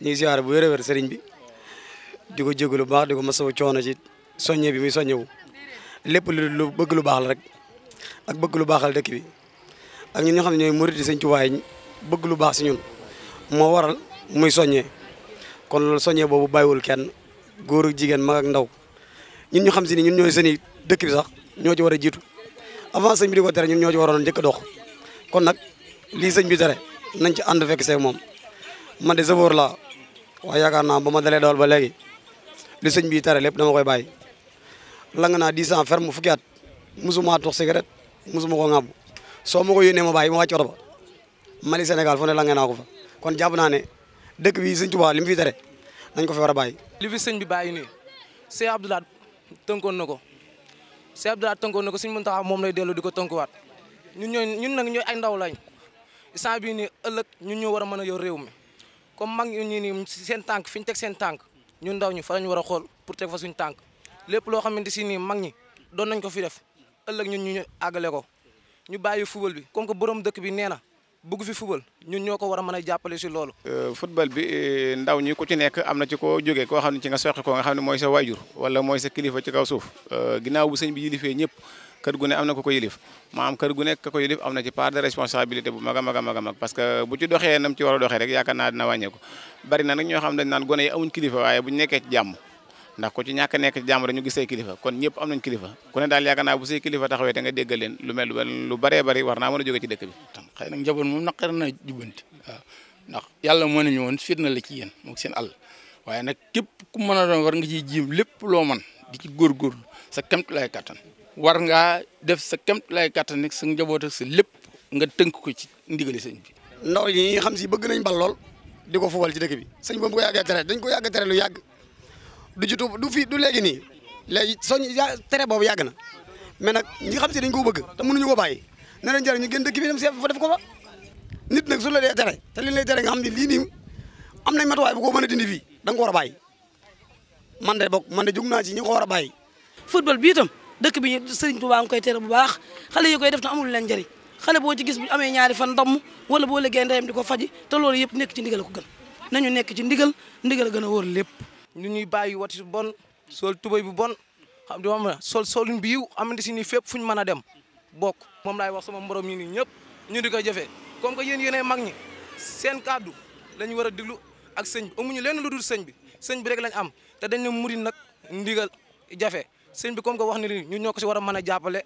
ñu ngi siyaare bu wér a wér sëriñ bi di ko jégalu baax di ko masawu coono ci soññe bi muy soññewu lépp lu bëgg lu baax la rek ak bëgg lu baaxal dëkk bi ak ñun xam ne ñooy murid di sëñ Tuubaa bëgg lu baax si ñun moo waral muy soññee kon loolu soññee boobu bàyyiwul kenn góor ak jigéen mag ak ndaw ñun ñu xam si ni ñun ñooy sëni dëkk bi sax ñoo ci war a jiitu avant sëñ bi di ko tere ñun ñoo ci waroon njëkk a dox kon nag lii sëñ bi tere nañ ci ànd fekk see moom man de sëfoor waa yaakaar naa ba ma dalee dool ba léegi li sëñ bi tere lépp dama koy bàyyi lang naa dix ans ferme fukki at musuma tux cigarette musuma ko ŋàbbu soo ma ko yónnee ma bàyyi ma wàcc oto ba Mali Sénégal fu ne naa ko fa kon jàpp naa ne dëkk bi sëñ Tuubaa li mu fi tere nañ ko fi war a bàyyi li fi sëñ bi bàyyi nii Cheikh Abdou Lahad tënkoon na ko Cheikh Abdou Lahad tënkoon na ko sëñ Mountakha moom lay dellu di ko tënkuwaat ñun ñooy ñun nag ñooy ay ndaw lañ sant bi nii ëllëg ñun ñoo war a mën a yor réew mi comme mag ñu ni seen tànk fi ñu teg seen tànk ñu ndaw ñi fana ñu war a xool pour teg fa suñu tànk lépp loo xamante si nii mag ñi doon nañ ko fi def ëllëg ñun ñu àggale ko ñu bàyyi football bi comme que borom dëkk bi nee bëgg fi football ñun ñoo ko war a mën a jàppale si loolu. Euh, football bi euh, ndaw ñi ku ci nekk am na ci koo jógee koo xam ne ci nga soqe ko nga xam ne mooy sa waajur wala mooy sa kilifa ci kaw suuf euh, ginnaaw bu sëñ bi yilifee ñëpp. kër gu ne am na ku ko yilif maanaam kër gu nekk ko yilif am na ci part de responsabilité bu mag a mag a a mag parce que bu ci doxee nam ci war a doxee rek yaakaar naa dina bari na nag ñoo xam dañ naan gone yi amuñ kilifa waaye buñ nekkee ci jàmm ndax ko ci ñàkk nekk ci jàmm dañu kilifa kon ñëpp am nañ kilifa ku ne daal yaakaar naa bu say kilifa taxawee te nga déggal leen lu mel lu baree bari war naa mën a jóge ci dëkk bi xëy nag moom naqar na jubbanti waaw ndax yàlla moo nañu woon fitna la ci yéen moog seen àll waaye nag képp ku mën a doon war nga ciy jiim lépp loo man di ci góorgóorlu sa kemt lay kattan war ngaa def sa kemt lay kàttan ak sa njaboot ak sa nga tënk ko ci ndigali sëñ bi. ndaw ñi xam si bëgg nañ bal lool di ko fubal ci dëkk bi sëñ boobu ko yàggee tere dañ ko yàgg tere lu yàgg du jitu du fi du léegi nii léegi soñ ya tere boobu yàgg na mais nag ñi xam si dañ ko bëgg te mënuñu ko bàyyi na leen jar ñu gën dëkk bi dem seet fa def ko fa nit nag su la dee tere te liñ lay tere nga xam ne lii nii am nañ matuwaay bu ko mën a dindi fii da nga ko a bàyyi man de bokk man de jug naa ci ñi ko a bàyyi football bi itam dëkk bi sëriñ Tuubaa ngi koy tere bu baax xale yi koy def na amul leen njëriñ xale boo ci gis bu amee ñaari fan damm wala boo liggéey ndeyam di ko faji te loolu yëpp nekk ci ndigal ko gën nañu nekk ci ndigal ndigal gën a wóor lépp ñu ñuy bàyyi wati bon sol tubay bu bon xam di xam sol solun bi yiw xamante si ni fépp fu ñu mën a dem bokk moom laay wax sama morom ñi ni ñëpp ñu di ko jëfee comme que yéen yéenee mag ñi seen kàddu la ñu war a diglu ak sëñ bi amuñu leen lu dul sëñ bi sëñ bi rek lañ am te dañ ne murid nag ndigal jafe sëñ bi comme que wax ni li ñun ñoo ko si war a mën a jàppale